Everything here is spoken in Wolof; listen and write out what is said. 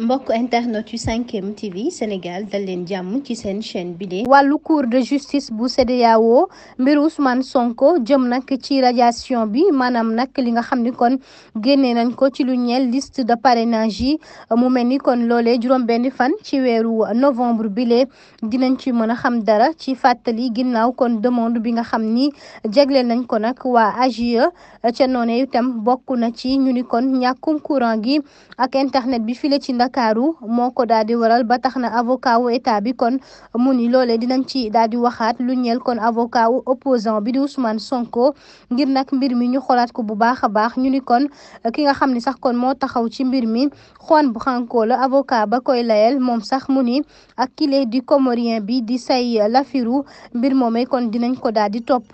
mbokk internet yu 5M TV Sénégal dal leen jàmm ci seen chaîne bi de wàllu cour de justice bu CEDEAO mbir Ousmane Sonko jëm nag ci radiation bi maanaam nag li nga xam ni kon génnee nañ ko ci lu ñel liste de parrainage yi mu mel ni kon loole juróom-benn fan ci weeru novembre bi lee dinañ ci mën a xam dara ci fàttali ginnaaw kon demande bi nga xam ni jagleel nañ ko nag waa AGE ca noonu itam bokk na ci ñu ni kon ñàkkum courant gi ak internet bi file ndakaaru moo ko daal di waral ba tax na avocat wu état bi kon mu ni loole dinañ ci daal di waxaat lu ñeel kon avocat wu opposant bi di Ousmane Sonko ngir nag mbir mi ñu xoolaat ko bu baax a baax ñu ni kon ki nga xam ni sax kon moo taxaw ci mbir mi Juan xanko la avocat ba koy layel moom sax mu ni ak kile di comorien bi di say lafiru mbir moomee kon dinañ ko daal topp